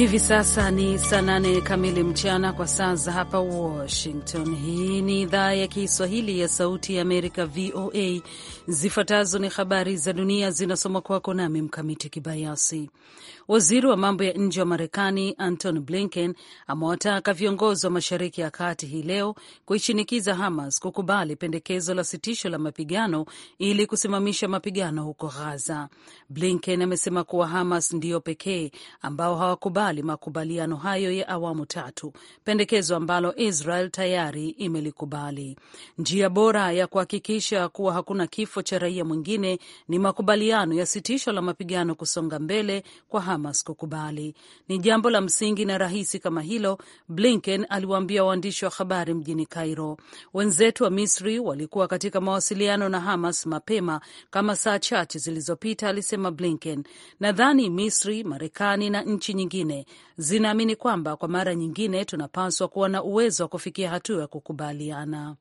Hivi sasa ni saa nane kamili mchana kwa saa za hapa Washington. Hii ni idhaa ya Kiswahili ya Sauti ya Amerika, VOA. Zifuatazo ni habari za dunia zinasoma kwako nami Mkamiti Kibayasi. Waziri wa mambo ya nje wa Marekani Antony Blinken amewataka viongozi wa Mashariki ya Kati hii leo kuishinikiza Hamas kukubali pendekezo la sitisho la mapigano ili kusimamisha mapigano huko Ghaza. Blinken amesema kuwa Hamas ndiyo pekee ambao hawakubali makubaliano hayo ya awamu tatu, pendekezo ambalo Israel tayari imelikubali. Njia bora ya kuhakikisha kuwa hakuna kifo cha raia mwingine ni makubaliano ya sitisho la mapigano kusonga mbele kwa Hamas Hamas kukubali. Ni jambo la msingi na rahisi kama hilo, Blinken aliwaambia waandishi wa habari mjini Cairo. Wenzetu wa Misri walikuwa katika mawasiliano na Hamas mapema kama saa chache zilizopita, alisema Blinken. Nadhani Misri, Marekani na nchi nyingine zinaamini kwamba kwa mara nyingine tunapaswa kuwa na uwezo wa kufikia hatua ya kukubaliana.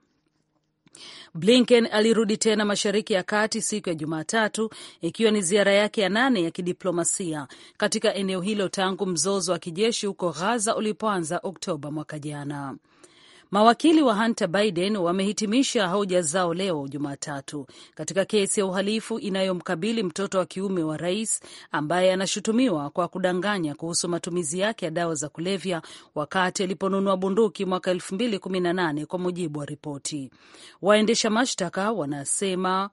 Blinken alirudi tena Mashariki ya Kati siku ya Jumatatu, ikiwa ni ziara yake ya nane ya kidiplomasia katika eneo hilo tangu mzozo wa kijeshi huko Ghaza ulipoanza Oktoba mwaka jana. Mawakili wa Hunter Biden wamehitimisha hoja zao leo Jumatatu katika kesi ya uhalifu inayomkabili mtoto wa kiume wa rais ambaye anashutumiwa kwa kudanganya kuhusu matumizi yake ya dawa za kulevya wakati aliponunua bunduki mwaka 2018 kwa mujibu wa ripoti. Waendesha mashtaka wanasema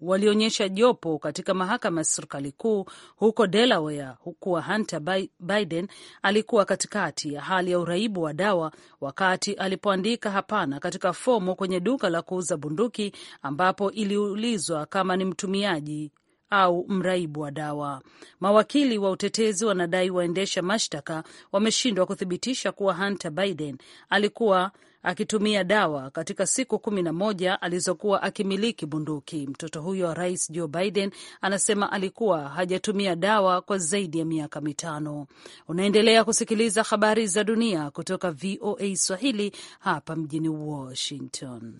walionyesha jopo katika mahakama ya serikali kuu huko Delaware kuwa Hunter Biden alikuwa katikati ya hali ya uraibu wa dawa wakati alipoandika hapana katika fomu kwenye duka la kuuza bunduki ambapo iliulizwa kama ni mtumiaji au mraibu wa dawa. Mawakili wa utetezi wanadai waendesha mashtaka wameshindwa kuthibitisha kuwa Hunter Biden alikuwa akitumia dawa katika siku kumi na moja alizokuwa akimiliki bunduki. Mtoto huyo wa rais Joe Biden anasema alikuwa hajatumia dawa kwa zaidi ya miaka mitano. Unaendelea kusikiliza habari za dunia kutoka VOA Swahili hapa mjini Washington.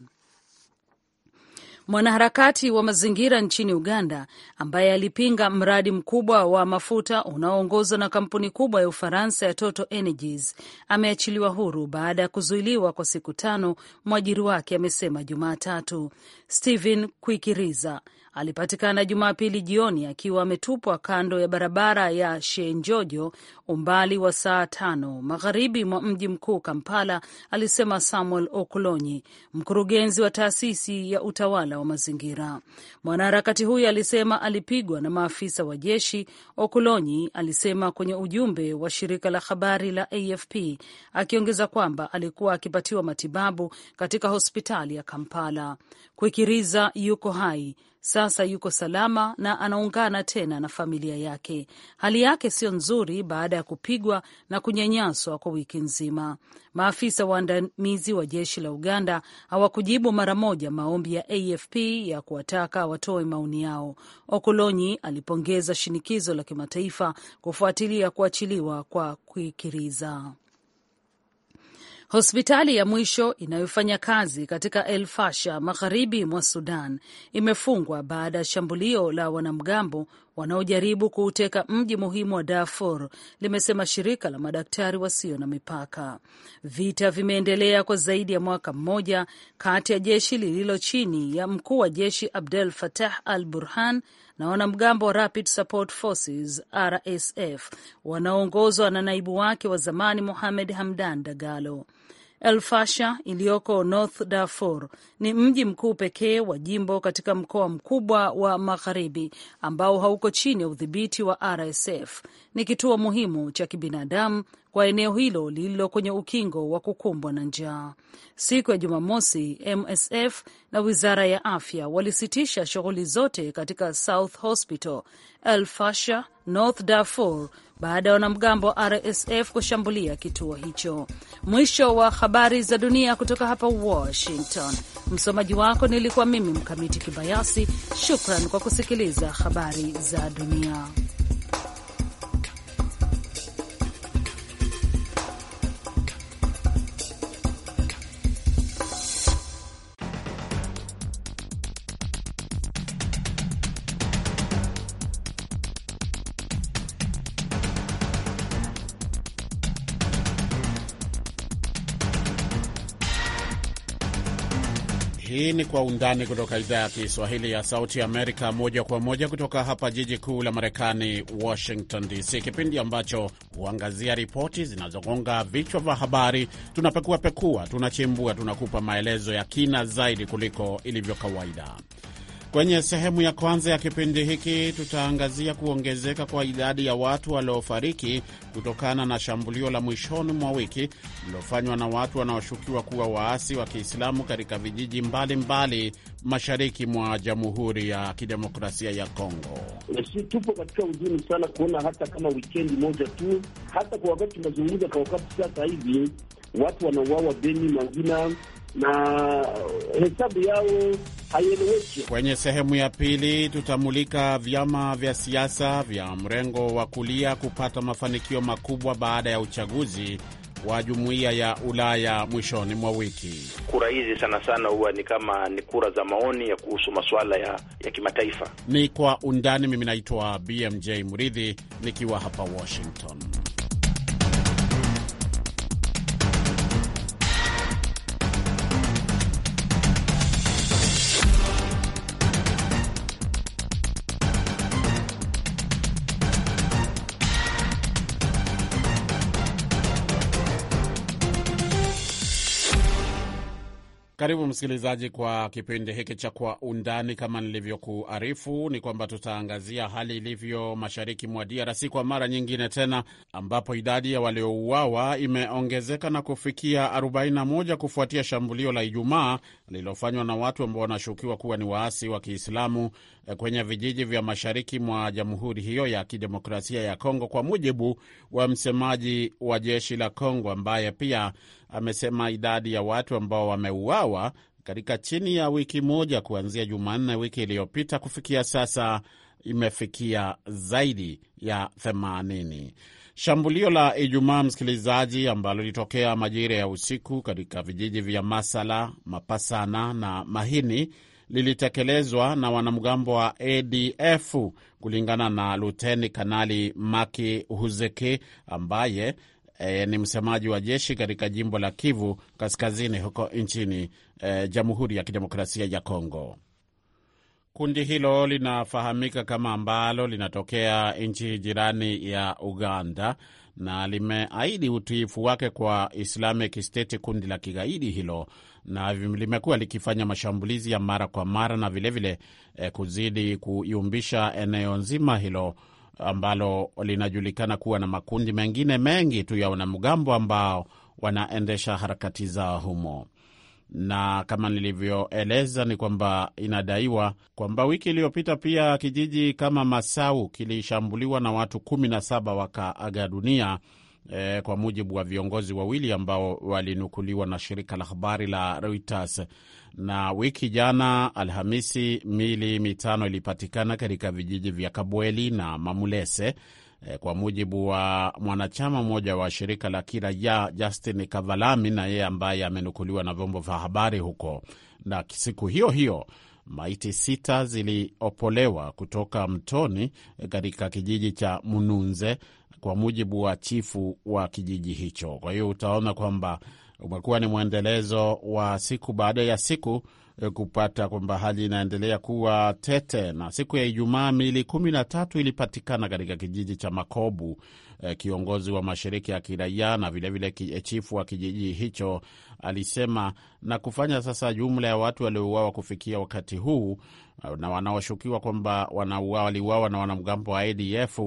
Mwanaharakati wa mazingira nchini Uganda ambaye alipinga mradi mkubwa wa mafuta unaoongozwa na kampuni kubwa ya Ufaransa ya Total Energies ameachiliwa huru baada ya kuzuiliwa kwa siku tano, mwajiri wake amesema Jumatatu. Stephen Quikiriza alipatikana Jumapili jioni akiwa ametupwa kando ya barabara ya Shenjojo, umbali wa saa tano magharibi mwa mji mkuu Kampala, alisema Samuel okulonyi mkurugenzi wa taasisi ya utawala wa mazingira. Mwanaharakati huyo alisema alipigwa na maafisa wa jeshi, okulonyi alisema kwenye ujumbe wa shirika la habari la AFP, akiongeza kwamba alikuwa akipatiwa matibabu katika hospitali ya Kampala. Kwikiriza yuko hai sasa yuko salama na anaungana tena na familia yake. Hali yake sio nzuri baada ya kupigwa na kunyanyaswa kwa wiki nzima. Maafisa waandamizi wa jeshi la Uganda hawakujibu mara moja maombi ya AFP ya kuwataka watoe maoni yao. Okolonyi alipongeza shinikizo la kimataifa kufuatilia kuachiliwa kwa kuikiriza. Hospitali ya mwisho inayofanya kazi katika El Fasha, magharibi mwa Sudan, imefungwa baada ya shambulio la wanamgambo wanaojaribu kuuteka mji muhimu wa Darfur, limesema shirika la madaktari wasio na mipaka. Vita vimeendelea kwa zaidi ya mwaka mmoja kati ya jeshi lililo chini ya mkuu wa jeshi Abdel Fattah al Burhan na wanamgambo wa Rapid Support Forces RSF wanaoongozwa na naibu wake wa zamani Mohamed Hamdan Dagalo. El iliyoko North Darfur ni mji mkuu pekee wa jimbo katika mkoa mkubwa wa magharibi ambao hauko chini ya udhibiti wa RSF. Ni kituo muhimu cha kibinadamu kwa eneo hilo lililo kwenye ukingo wa kukumbwa na njaa. Siku ya Jumamosi, MSF na wizara ya afya walisitisha shughuli zote katika South Hospital, El North Darfur baada ya wanamgambo wa RSF kushambulia kituo hicho. Mwisho wa habari za dunia kutoka hapa Washington. Msomaji wako nilikuwa mimi Mkamiti Kibayasi. Shukran kwa kusikiliza habari za dunia. ni Kwa Undani kutoka idhaa ya Kiswahili ya Sauti Amerika, moja kwa moja kutoka hapa jiji kuu la Marekani, Washington DC, kipindi ambacho huangazia ripoti zinazogonga vichwa vya habari. Tunapekuapekua, tunachimbua, tunakupa maelezo ya kina zaidi kuliko ilivyo kawaida. Kwenye sehemu ya kwanza ya kipindi hiki tutaangazia kuongezeka kwa idadi ya watu waliofariki kutokana na shambulio la mwishoni mwa wiki lililofanywa na watu wanaoshukiwa kuwa waasi wa Kiislamu katika vijiji mbalimbali mbali mashariki mwa Jamhuri ya Kidemokrasia ya Kongo. Si tupo katika huzuni sana kuona hata kama wikendi moja tu, hata kwa wakati tunazungumza, kwa wakati sasa hivi watu wanauawa Beni, Mangina na hesabu yao haieleweki. Kwenye sehemu ya pili tutamulika vyama vya siasa vya mrengo wa kulia kupata mafanikio makubwa baada ya uchaguzi wa jumuiya ya Ulaya mwishoni mwa wiki. Kura hizi sana sana huwa ni kama ni kura za maoni ya kuhusu masuala ya, ya kimataifa. Ni kwa undani. Mimi naitwa BMJ Muridhi nikiwa hapa Washington. Karibu msikilizaji kwa kipindi hiki cha Kwa Undani. Kama nilivyokuarifu, ni kwamba tutaangazia hali ilivyo mashariki mwa DRC kwa mara nyingine tena, ambapo idadi ya waliouawa imeongezeka na kufikia 41 kufuatia shambulio la Ijumaa lililofanywa na watu ambao wanashukiwa kuwa ni waasi wa Kiislamu eh, kwenye vijiji vya mashariki mwa jamhuri hiyo ya kidemokrasia ya Kongo, kwa mujibu wa msemaji wa jeshi la Kongo ambaye pia amesema idadi ya watu ambao wameuawa katika chini ya wiki moja kuanzia Jumanne wiki iliyopita kufikia sasa imefikia zaidi ya 80. Shambulio la Ijumaa, msikilizaji, ambalo lilitokea majira ya usiku katika vijiji vya Masala, Mapasana na Mahini lilitekelezwa na wanamgambo wa ADF kulingana na Luteni Kanali Maki Huzeki ambaye e, ni msemaji wa jeshi katika jimbo la Kivu Kaskazini huko nchini e, Jamhuri ya Kidemokrasia ya Kongo. Kundi hilo linafahamika kama ambalo linatokea nchi jirani ya Uganda na limeahidi utiifu wake kwa Islamic State, kundi la kigaidi hilo, na limekuwa likifanya mashambulizi ya mara kwa mara na vilevile vile, eh, kuzidi kuyumbisha eneo nzima hilo ambalo linajulikana kuwa na makundi mengine mengi tu ya wanamgambo ambao wanaendesha harakati zao humo na kama nilivyoeleza ni kwamba inadaiwa kwamba wiki iliyopita pia kijiji kama Masau kilishambuliwa na watu 17 wakaaga dunia eh, kwa mujibu wa viongozi wawili ambao walinukuliwa na shirika la habari la Reuters. Na wiki jana Alhamisi, mili mitano ilipatikana katika vijiji vya Kabweli na Mamulese e, kwa mujibu wa mwanachama mmoja wa shirika la kiraia Justin Kavalami, na yeye ambaye amenukuliwa na vyombo vya habari huko. Na siku hiyo hiyo maiti sita ziliopolewa kutoka mtoni katika kijiji cha Mununze kwa mujibu wa chifu wa kijiji hicho. Kwa hiyo utaona kwamba umekuwa ni mwendelezo wa siku baada ya siku e, kupata kwamba hali inaendelea kuwa tete, na siku ya Ijumaa miili kumi na tatu ilipatikana katika kijiji cha Makobu. E, kiongozi wa mashirika ya kiraia na vilevile e, chifu wa kijiji hicho alisema, na kufanya sasa jumla ya watu waliouawa kufikia wakati huu na wanaoshukiwa kwamba waliuawa na wanamgambo wa ADF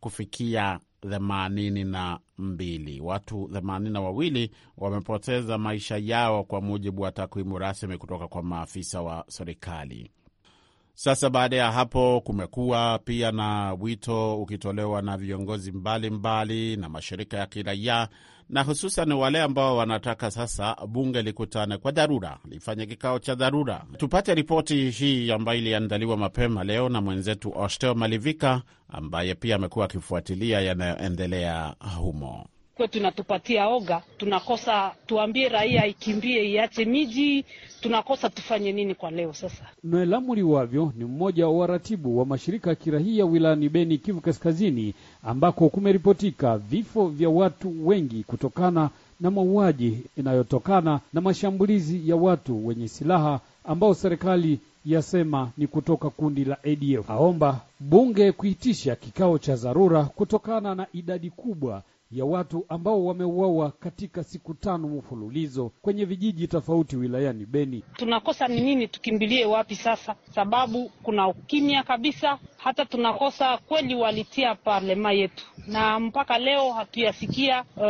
kufikia themanini na mbili. Watu themanini na wawili wamepoteza maisha yao kwa mujibu wa takwimu rasmi kutoka kwa maafisa wa serikali. Sasa baada ya hapo, kumekuwa pia na wito ukitolewa na viongozi mbalimbali mbali na mashirika ya kiraia na hususan wale ambao wanataka sasa bunge likutane kwa dharura, lifanye kikao cha dharura. Tupate ripoti hii ambayo iliandaliwa mapema leo na mwenzetu ostel Malivika ambaye pia amekuwa akifuatilia yanayoendelea humo kwetu inatupatia oga, tunakosa tuambie raia ikimbie iache miji, tunakosa tufanye nini kwa leo sasa? Noela Muriwavyo ni mmoja wa waratibu wa mashirika ya kirahia wilayani Beni, Kivu Kaskazini, ambako kumeripotika vifo vya watu wengi kutokana na mauaji inayotokana na mashambulizi ya watu wenye silaha ambao serikali yasema ni kutoka kundi la ADF. Aomba bunge kuitisha kikao cha dharura kutokana na idadi kubwa ya watu ambao wameuawa katika siku tano mfululizo kwenye vijiji tofauti wilayani Beni. Tunakosa ni nini? Tukimbilie wapi sasa? Sababu kuna ukimya kabisa, hata tunakosa kweli walitia parlema yetu, na mpaka leo hatuyasikia uh,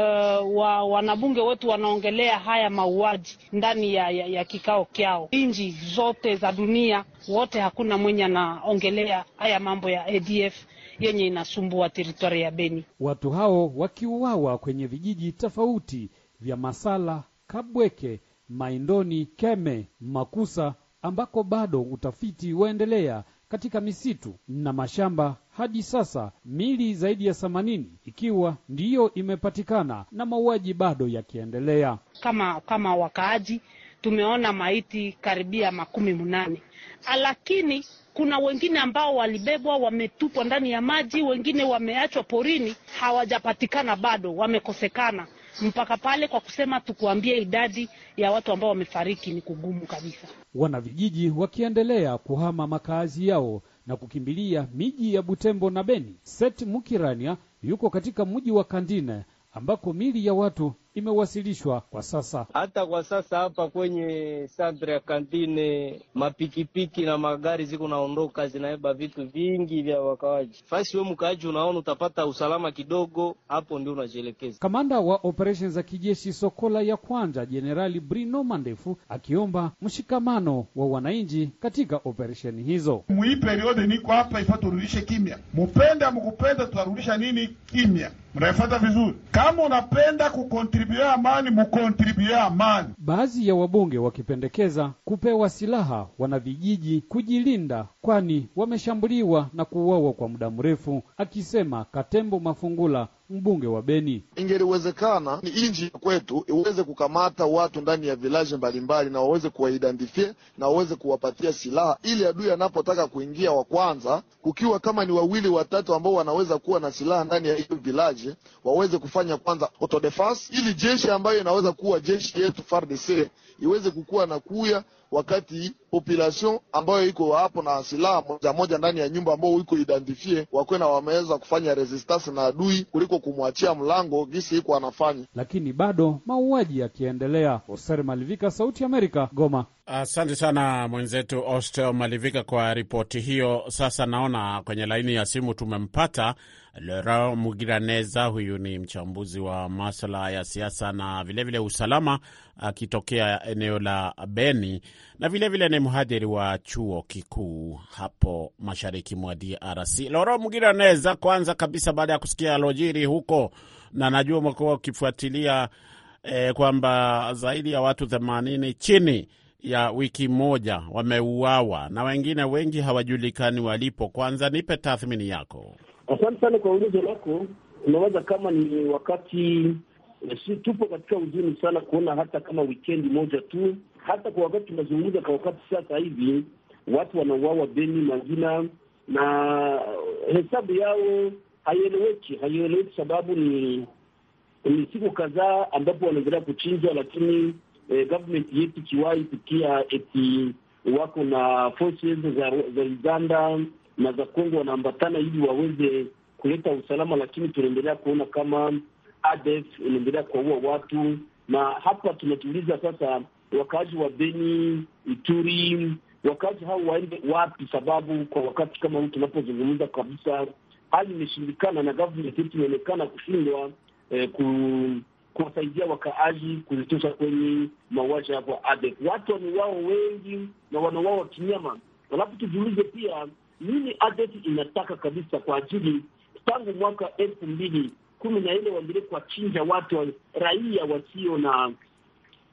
wa, wanabunge wetu wanaongelea haya mauaji ndani ya, ya, ya kikao kyao. Nchi zote za dunia wote, hakuna mwenye anaongelea haya mambo ya ADF yenye inasumbua teritwari ya Beni. Watu hao wakiuawa kwenye vijiji tofauti vya Masala, Kabweke, Maindoni, Keme, Makusa ambako bado utafiti waendelea katika misitu na mashamba. Hadi sasa mili zaidi ya themanini ikiwa ndiyo imepatikana na mauaji bado yakiendelea. Kama kama wakaaji tumeona maiti karibia makumi munane, ah, lakini kuna wengine ambao walibebwa wametupwa ndani ya maji, wengine wameachwa porini, hawajapatikana bado, wamekosekana mpaka pale. Kwa kusema tukuambie idadi ya watu ambao wamefariki ni kugumu kabisa. Wanavijiji wakiendelea kuhama makazi yao na kukimbilia miji ya Butembo na Beni. Set Mukirania yuko katika mji wa Kandine ambako mili ya watu imewasilishwa kwa sasa. Hata kwa sasa hapa kwenye santre ya kantine, mapikipiki na magari ziko naondoka, zinaeba vitu vingi vya wakawaji. Fasi we mkaaji, unaona utapata usalama kidogo, hapo ndio unajielekeza. Kamanda wa operesheni za kijeshi Sokola ya kwanza, Jenerali Brino Mandefu akiomba mshikamano wa wananchi katika operesheni hizo. Mwii periode niko hapa ifa turudishe kimya, mupende amukupenda, tutarudisha nini kimya, mnaifata vizuri kama unapenda kukontribu mukontribue amani, mukontribue amani. Baadhi ya wabunge wakipendekeza kupewa silaha wanavijiji kujilinda, kwani wameshambuliwa na kuuawa kwa muda mrefu, akisema Katembo Mafungula mbunge wa Beni. Ingeliwezekana ni nji kwetu iweze kukamata watu ndani ya vilaji mbalimbali, na waweze kuwaidentifie na waweze kuwapatia silaha, ili adui anapotaka kuingia wa kwanza, kukiwa kama ni wawili watatu ambao wanaweza kuwa na silaha ndani ya hiyo vilaji, waweze kufanya kwanza autodefense, ili jeshi ambayo inaweza kuwa jeshi yetu FARDC iweze kukuwa na kuya wakati population ambayo iko hapo na silaha moja moja ndani ya nyumba ambao iko identifie wakwena wameweza kufanya resistance na adui kuliko kumwachia mlango gisi iko anafanya, lakini bado mauaji yakiendelea. Oser Malivika, Sauti Amerika, Goma. Asante sana mwenzetu Oster Malivika kwa ripoti hiyo. Sasa naona kwenye laini ya simu tumempata Laurent Mugiraneza huyu ni mchambuzi wa maswala ya siasa na vilevile vile usalama akitokea eneo la Beni na vilevile vile ni mhadhiri wa chuo kikuu hapo mashariki mwa DRC. Laurent Mugiraneza, kwanza kabisa, baada ya kusikia alojiri huko, na najua umekuwa ukifuatilia eh, kwamba zaidi ya watu themanini chini ya wiki moja wameuawa na wengine wengi hawajulikani walipo. Kwanza nipe tathmini yako. Asante sana kwa ulizo lako. Unawaza kama ni wakati eh, si tupo katika huzuni sana kuona hata kama wikendi moja tu, hata kwa wakati tunazungumza, kwa wakati sasa hivi watu wanauawa Beni Mangina, na hesabu yao haieleweki, haieleweki sababu ni ni siku kadhaa ambapo wanaendelea kuchinjwa, lakini eh, government yetu kiwai pikia eti wako na forces za, za Uganda na za Kongo wanaambatana ili waweze kuleta usalama, lakini tunaendelea kuona kama ADF inaendelea kuwaua watu, na hapa tunajiuliza sasa, wakazi wa Beni, Ituri, wakazi hao waende wapi? Sababu kwa wakati kama huu tunapozungumza kabisa, hali imeshindikana na government yetu inaonekana kushindwa eh, ku kuwasaidia wakaaji kuzitosha kwenye mauaji hapo ADF. Watu wameuawa wengi na wanauawa kinyama, alafu tujiulize pia nini ADF inataka kabisa, kwa ajili tangu mwaka elfu mbili kumi na nne waendelee kuwachinja watu wa raia wasio na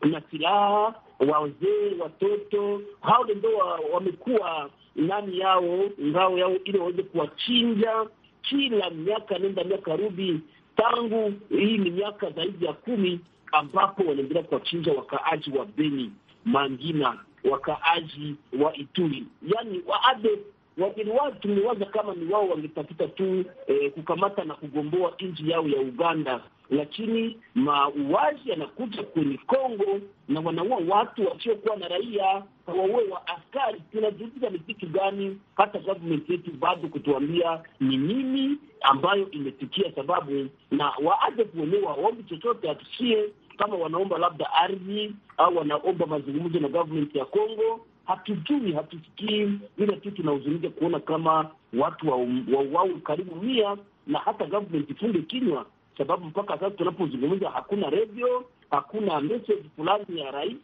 na silaha, wazee, watoto. Hao ndio wamekuwa nani yao ngao yao, ili waweze kuwachinja kila miaka nenda miaka rudi. Tangu hii ni miaka zaidi ya kumi ambapo wanaendelea kuwachinja wakaaji wa Beni, Mangina, wakaaji wa Ituri, yani wa ADF wageni wao tumewaza kama ni wao wangetafuta tu eh, kukamata na kugomboa nchi yao ya Uganda, lakini mauaji yanakuja kwenye Kongo na wanaua watu wasiokuwa na raia, wawe wa askari. Tunajiuliza ni kitu gani? Hata government yetu bado kutuambia ni nini ambayo imetukia, sababu na waaje kuonewa, waombi chochote atusie, kama wanaomba labda ardhi au wanaomba mazungumzo na government ya Kongo hatujui, hatusikii vile tu tunahuzunika kuona kama watu wauawe wa, um, wa, karibu mia na hata government ifunge kinywa, sababu mpaka sasa tunapozungumza hakuna redio, hakuna message fulani ya rais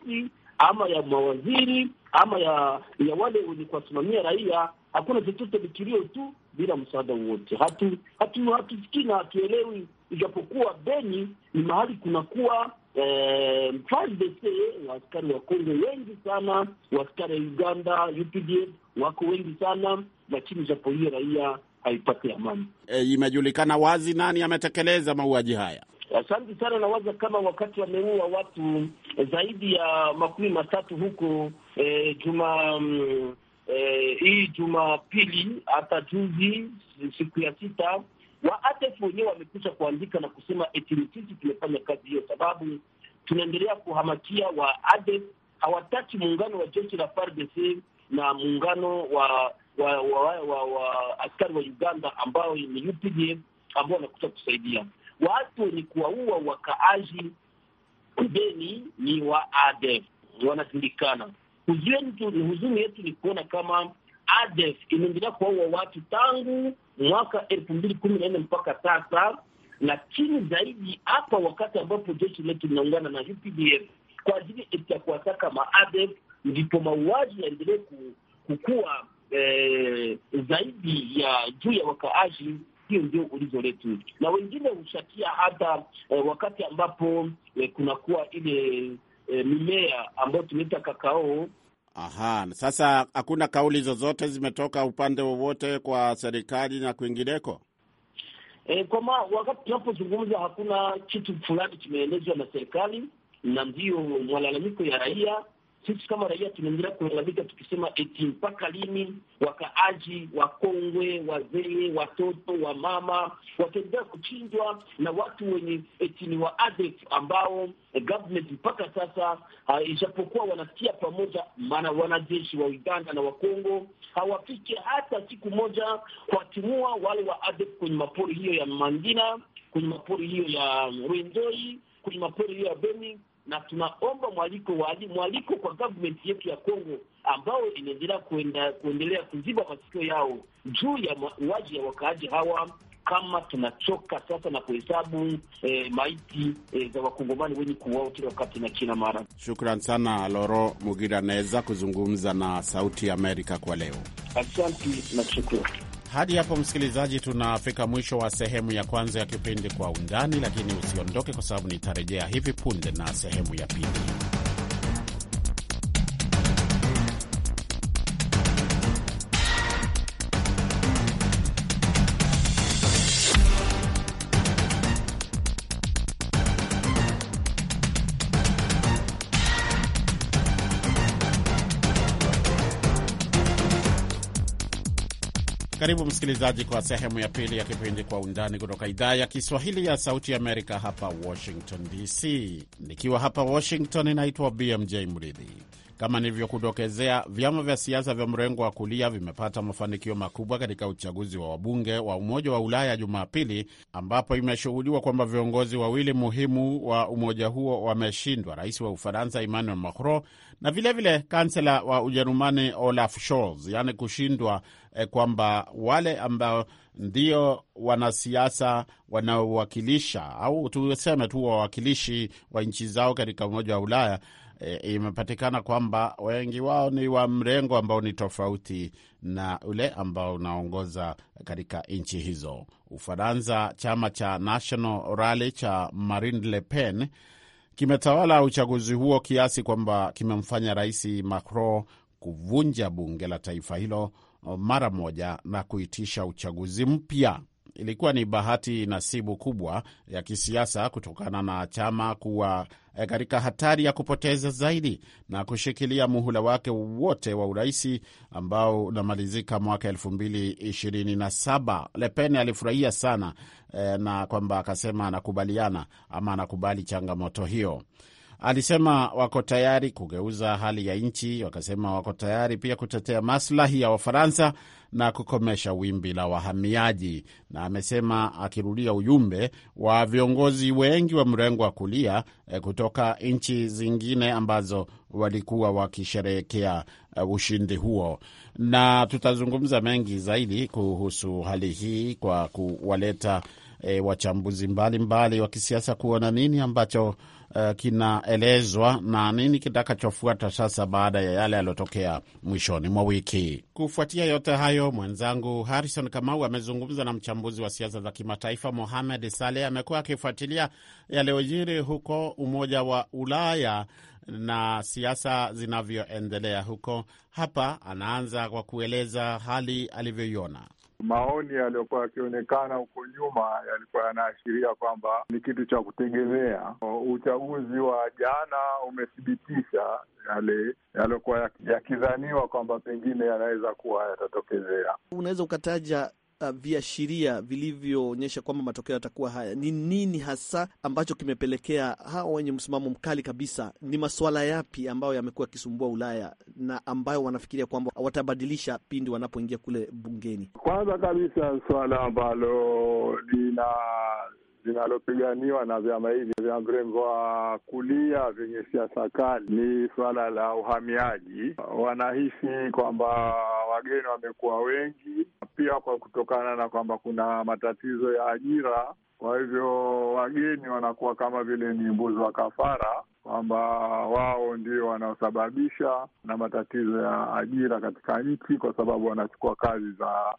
ama ya mawaziri ama ya ya wale wenye kuwasimamia raia. Hakuna chochote, ni kilio tu bila msaada wowote. Hatusikii hatu, hatu na hatuelewi, ijapokuwa Beni ni mahali kunakuwa eh, um, waaskari wa Kongo wengi sana, waaskari wa Uganda UPDF wako wengi sana, lakini japo hiyo raia haipati amani. E, imejulikana wazi nani ametekeleza mauaji haya. Asante sana. Nawaza kama wakati wameua watu zaidi ya makumi matatu huko eh, juma mm, eh, hii Jumapili hata juzi siku ya sita ATF wenyewe wamekwisha kuandika na kusema eti ni sisi tumefanya kazi hiyo, sababu tunaendelea kuhamakia. ADF hawataki muungano wa jeshi la FARDC na muungano wa wa, wa, wa, wa, wa askari wa Uganda ambao ni UPDF ambao wanakuja kusaidia watu wenye kuwaua wakaaji Beni ni wa ADF wanashindikana. Huzuni yetu ni kuona kama ADF imeendelea kuwaua watu tangu mwaka elfu mbili kumi na nne mpaka sasa, lakini zaidi hapa wakati ambapo jeshi letu linaungana na UPDF kwa ajili ya kuwasaka maadef, ndipo mauaji yaendelee kukua eh, zaidi ya juu ya wakaaji. Hiyo ndio ulizo letu, na wengine hushakia hata eh, wakati ambapo eh, kunakuwa ile eh, mimea ambayo tunaita kakao Aha, sasa hakuna kauli zozote zimetoka upande wowote kwa serikali na kwingineko. E, ma wakati tunapozungumza hakuna kitu fulani kimeelezwa na serikali, na ndiyo malalamiko ya raia sisi kama raia tunaendelea kulalamika tukisema eti mpaka lini wakaaji wakongwe, wazee, watoto, wamama wataendelea kuchinjwa na watu wenye eti ni waadef ambao eh, government mpaka sasa ah, ijapokuwa wanatia pamoja, maana wanajeshi wa Uganda na Wakongo hawafike hata siku moja kuwatimua wale waadef kwenye mapori hiyo ya mangina kwenye mapori hiyo ya Rwenzori, kwenye mapori hiyo ya Beni na tunaomba mwaliko wali, mwaliko kwa government yetu ya Kongo ambao inaendelea kuenda kuendelea kuziba masikio yao juu ya mauaji ya wakaaji hawa kama tunachoka sasa na kuhesabu eh, maiti eh, za wakongomani wenye kuuao kila wakati na kila mara. Shukran sana Loro Mugira, anaweza kuzungumza na Sauti ya Amerika kwa leo. Asante na shukran. Hadi hapo msikilizaji, tunafika mwisho wa sehemu ya kwanza ya kipindi Kwa Undani, lakini usiondoke, kwa sababu nitarejea hivi punde na sehemu ya pili. Karibu msikilizaji kwa sehemu ya pili ya kipindi Kwa Undani kutoka idhaa ya Kiswahili ya Sauti Amerika, hapa Washington DC. Nikiwa hapa Washington, inaitwa BMJ Mridhi. Kama nilivyokudokezea, vyama vya siasa vya mrengo wa kulia vimepata mafanikio makubwa katika uchaguzi wa wabunge wa Umoja wa Ulaya Jumapili, ambapo imeshuhudiwa kwamba viongozi wawili muhimu wa umoja huo wameshindwa: rais wa Ufaransa Emmanuel Macron na vilevile kansela wa Ujerumani Olaf Scholz, yaani kushindwa eh, kwamba wale ambao ndio wanasiasa wanaowakilisha au tuseme tu wawakilishi wa nchi zao katika Umoja wa Ulaya eh, imepatikana kwamba wengi wao ni wa mrengo ambao ni tofauti na ule ambao unaongoza katika nchi hizo. Ufaransa, chama cha National Rally cha Marine Le Pen kimetawala uchaguzi huo kiasi kwamba kimemfanya Rais Macron kuvunja bunge la taifa hilo mara moja na kuitisha uchaguzi mpya. Ilikuwa ni bahati nasibu kubwa ya kisiasa kutokana na chama kuwa eh, katika hatari ya kupoteza zaidi na kushikilia muhula wake wote wa uraisi ambao unamalizika mwaka na saba. lepen alifurahia sana eh, na kwamba akasema anakubaliana ama anakubali changamoto hiyo. Alisema wako tayari kugeuza hali ya nchi, wakasema wako tayari pia kutetea maslahi ya Wafaransa na kukomesha wimbi la wahamiaji. Na amesema akirudia ujumbe wa viongozi wengi wa mrengo wa kulia eh, kutoka nchi zingine ambazo walikuwa wakisherehekea eh, ushindi huo. Na tutazungumza mengi zaidi kuhusu hali hii kwa kuwaleta e, wachambuzi mbalimbali wa kisiasa kuona nini ambacho uh, kinaelezwa na nini kitakachofuata sasa baada ya yale yaliyotokea mwishoni mwa wiki. Kufuatia yote hayo, mwenzangu Harrison Kamau amezungumza na mchambuzi wa siasa za kimataifa Mohamed Saleh. Amekuwa akifuatilia yaliyojiri huko Umoja wa Ulaya na siasa zinavyoendelea huko. Hapa anaanza kwa kueleza hali alivyoiona maoni yaliyokuwa yakionekana huko nyuma yalikuwa yanaashiria kwamba ni kitu cha kutegemea. Uchaguzi wa jana umethibitisha yale yaliyokuwa yakidhaniwa kwamba pengine yanaweza kuwa yatatokezea. Unaweza ukataja uh, viashiria vilivyoonyesha kwamba matokeo yatakuwa haya? Ni nini hasa ambacho kimepelekea hawa wenye msimamo mkali kabisa? Ni masuala yapi ambayo yamekuwa yakisumbua Ulaya na ambayo wanafikiria kwamba watabadilisha pindi wanapoingia kule bungeni? Kwanza kabisa, suala ambalo lina linalopiganiwa na vyama hivi vya mrengo wa kulia vyenye siasa kali ni suala la uhamiaji. Wanahisi kwamba wageni wamekuwa wengi, pia kwa kutokana na kwamba kuna matatizo ya ajira. Kwa hivyo wageni wanakuwa kama vile ni mbuzi wa kafara, kwamba wao ndio wanaosababisha na matatizo ya ajira katika nchi, kwa sababu wanachukua kazi za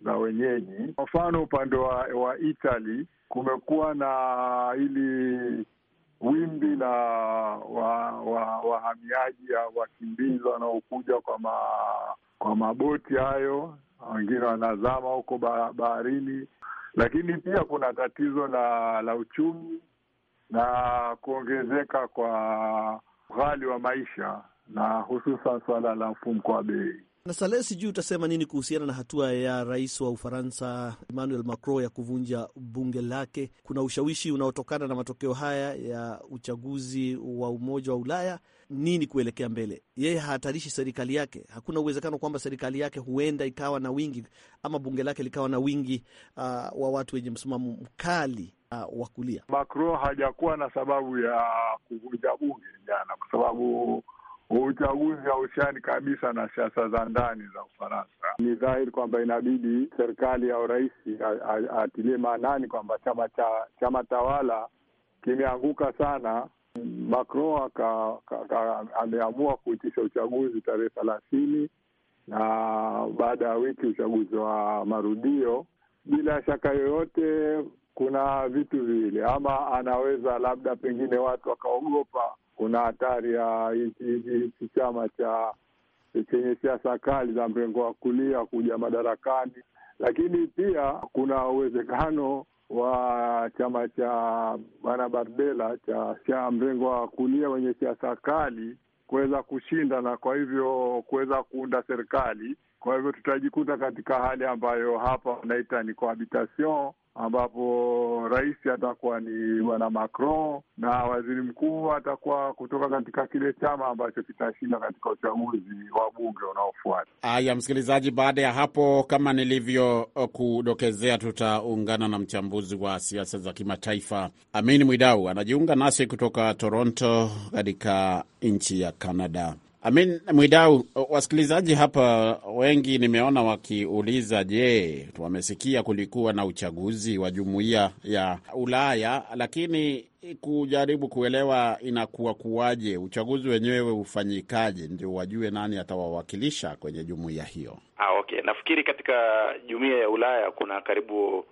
za wenyeji. Kwa mfano upande wa, wa Itali kumekuwa na ili wimbi la wahamiaji wa, wa wakimbizi wanaokuja kwa ma, kwa maboti hayo, wengine wanazama huko baharini, lakini pia kuna tatizo la la uchumi na kuongezeka kwa ughali wa maisha na hususan suala la mfumko wa bei. Na Salehe, sijui utasema nini kuhusiana na hatua ya rais wa Ufaransa Emmanuel Macron ya kuvunja bunge lake. Kuna ushawishi unaotokana na matokeo haya ya uchaguzi wa Umoja wa Ulaya nini kuelekea mbele? Yeye hahatarishi serikali yake? Hakuna uwezekano kwamba serikali yake huenda ikawa na wingi ama bunge lake likawa na wingi uh, wa watu wenye msimamo mkali uh, wa kulia? Macron hajakuwa na sababu ya kuvunja bunge jana, kwa sababu uchaguzi haushani kabisa na siasa za ndani za Ufaransa. Ni dhahiri kwamba inabidi serikali au rais atilie maanani kwamba chama cha chama tawala kimeanguka sana. Macron ameamua kuitisha uchaguzi tarehe thelathini na baada ya wiki uchaguzi wa marudio. Bila shaka yoyote, kuna vitu viwili, ama anaweza labda pengine watu wakaogopa kuna hatari ya hichi chama cha chenye siasa kali za mrengo wa kulia kuja madarakani, lakini pia kuna uwezekano wa chama cha bwana Bardela cha, cha mrengo wa kulia wenye siasa kali kuweza kushinda na kwa hivyo kuweza kuunda serikali. Kwa hivyo tutajikuta katika hali ambayo hapa wanaita ni cohabitation ambapo rais atakuwa ni bwana Macron na waziri mkuu atakuwa kutoka katika kile chama ambacho kitashinda katika uchaguzi wa bunge unaofuata. Haya, msikilizaji, baada ya hapo, kama nilivyokudokezea, uh, tutaungana na mchambuzi wa siasa za kimataifa Amin Mwidau, anajiunga nasi kutoka Toronto katika nchi ya Canada. Amin Mwidau, wasikilizaji hapa wengi nimeona wakiuliza, je, wamesikia kulikuwa na uchaguzi wa jumuiya ya Ulaya, lakini kujaribu kuelewa inakuwa kuwaje, uchaguzi wenyewe ufanyikaje, ndio wajue nani atawawakilisha kwenye jumuiya hiyo. Ah, okay, nafikiri katika jumuiya ya Ulaya kuna karibu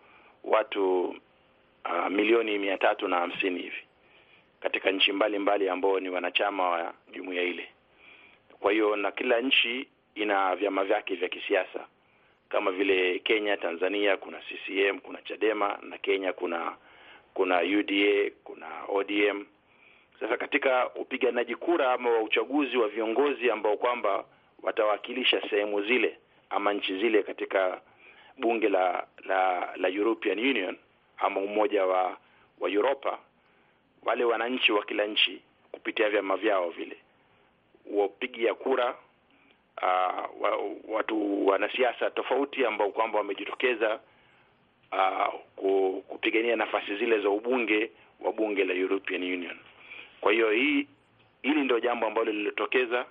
watu uh, milioni mia tatu na hamsini hivi katika nchi mbalimbali ambao ni wanachama wa jumuiya ile. Kwa hiyo na kila nchi ina vyama vyake vya kisiasa kama vile Kenya, Tanzania kuna CCM, kuna Chadema na Kenya kuna kuna UDA, kuna ODM. Sasa katika upiganaji kura ama wa uchaguzi wa viongozi ambao kwamba watawakilisha sehemu zile ama nchi zile katika bunge la la la European Union ama umoja wa wa Europa, wale wananchi wa kila nchi kupitia vyama vyao vile wapigia kura uh, watu wanasiasa tofauti ambao kwamba wamejitokeza uh, kupigania nafasi zile za ubunge wa bunge la European Union. Kwa hiyo hii hili ndio jambo ambalo lilitokeza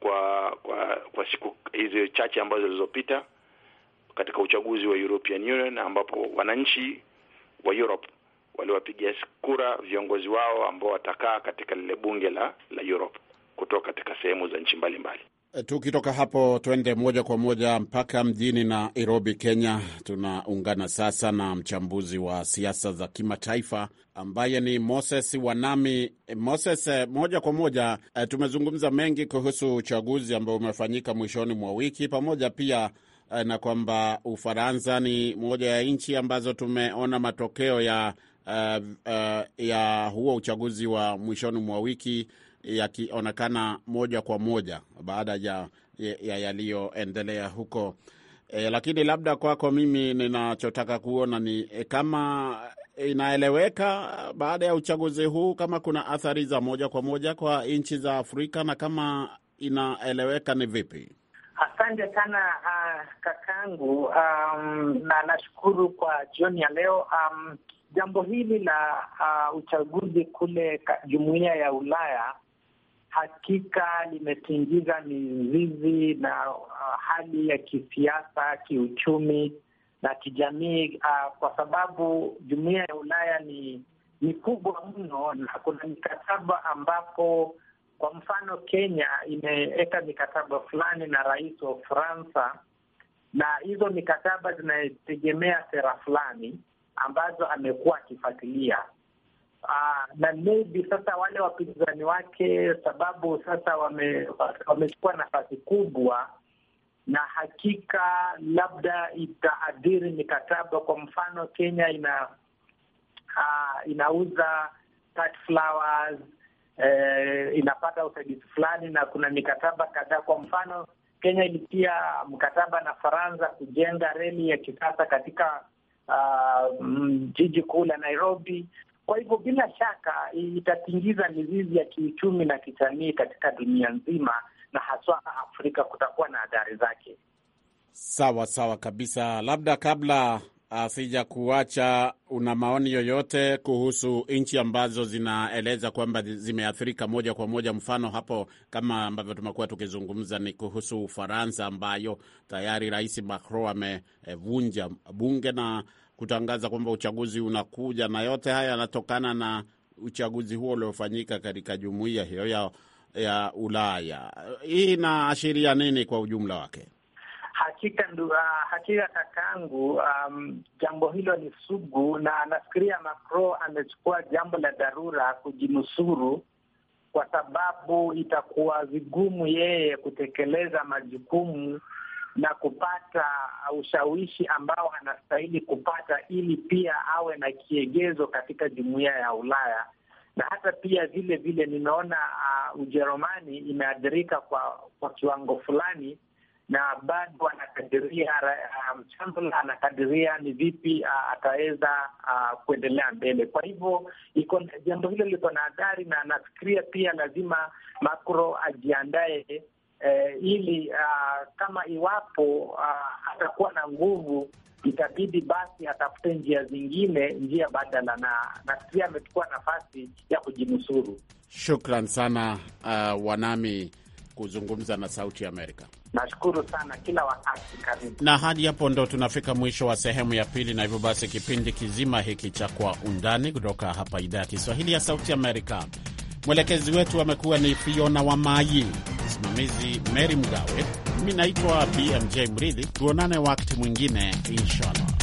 kwa kwa kwa siku hizo chache ambazo zilizopita katika uchaguzi wa European Union ambapo wananchi wa Europe waliwapigia kura viongozi wao ambao watakaa katika lile bunge la la Europe kutoka katika sehemu za nchi mbalimbali. Eh, tukitoka hapo tuende moja kwa moja mpaka mjini na Nairobi, Kenya. Tunaungana sasa na mchambuzi wa siasa za kimataifa ambaye ni Moses Wanami. Eh, Moses, eh, moja kwa moja, tumezungumza mengi kuhusu uchaguzi ambao umefanyika mwishoni mwa wiki, pamoja pia na kwamba Ufaransa ni moja ya nchi ambazo tumeona matokeo ya, ya huo uchaguzi wa mwishoni mwa wiki yakionekana moja kwa moja baada ya, ya yaliyoendelea huko e, lakini labda kwako mimi ninachotaka kuona ni e, kama inaeleweka baada ya uchaguzi huu kama kuna athari za moja kwa moja kwa nchi za Afrika na kama inaeleweka ni vipi? Asante sana uh, kakangu um, na nashukuru kwa jioni ya leo um, jambo hili la uh, uchaguzi kule jumuiya ya Ulaya hakika limetingiza mizizi na uh, hali ya kisiasa, kiuchumi na kijamii uh, kwa sababu jumuiya ya Ulaya ni ni kubwa mno na kuna mikataba ambapo kwa mfano Kenya imeweka mikataba fulani na rais wa Ufaransa, na hizo mikataba zinategemea sera fulani ambazo amekuwa akifuatilia. Ah, na maybe sasa wale wapinzani wake sababu sasa wame, wamechukua nafasi kubwa, na hakika labda itaadhiri mikataba. Kwa mfano Kenya ina uh, inauza flowers, eh, inapata usaidizi fulani na kuna mikataba kadhaa. Kwa mfano Kenya ilitia mkataba na Faransa kujenga reli ya kisasa katika ah, mm, jiji kuu la Nairobi kwa hivyo bila shaka itatingiza mizizi ya kiuchumi na kijamii katika dunia nzima na haswa Afrika, kutakuwa na athari zake. Sawa sawa kabisa. Labda kabla ah, sija kuacha, una maoni yoyote kuhusu nchi ambazo zinaeleza kwamba zimeathirika moja kwa moja? Mfano hapo kama ambavyo tumekuwa tukizungumza ni kuhusu Ufaransa, ambayo tayari Rais Macron amevunja bunge na kutangaza kwamba uchaguzi unakuja, na yote haya yanatokana na uchaguzi huo uliofanyika katika jumuiya hiyo ya, ya Ulaya. Hii inaashiria nini kwa ujumla wake? Hakika ndu, uh, hakika kakangu, um, jambo hilo ni sugu, na nafikiria Macron amechukua jambo la dharura kujinusuru, kwa sababu itakuwa vigumu yeye kutekeleza majukumu na kupata ushawishi ambao anastahili kupata ili pia awe na kiegezo katika jumuiya ya Ulaya na hata pia vile vile nimeona uh, Ujerumani imeathirika kwa kwa kiwango fulani, na bado anakadiria um, chancellor anakadiria ni vipi uh, ataweza uh, kuendelea mbele. Kwa hivyo iko jambo hilo liko na athari, na nafikiria pia lazima Macron ajiandae eh, ili uh, kama iwapo uh, ah, atakuwa na nguvu itabidi basi atafute njia zingine, njia badala, na nafikiria amechukua nafasi ya kujinusuru. Shukran sana uh, Wanami kuzungumza na Sauti ya Amerika. Nashukuru sana kila wakati, karibu. Na hadi hapo ndo tunafika mwisho wa sehemu ya pili, na hivyo basi kipindi kizima hiki cha Kwa Undani kutoka hapa idhaa ya Kiswahili ya Sauti Amerika Mwelekezi wetu amekuwa ni Fiona wa Mayi, msimamizi meri Mgawe, mimi naitwa BMJ Mridhi. Tuonane wakati mwingine, inshallah.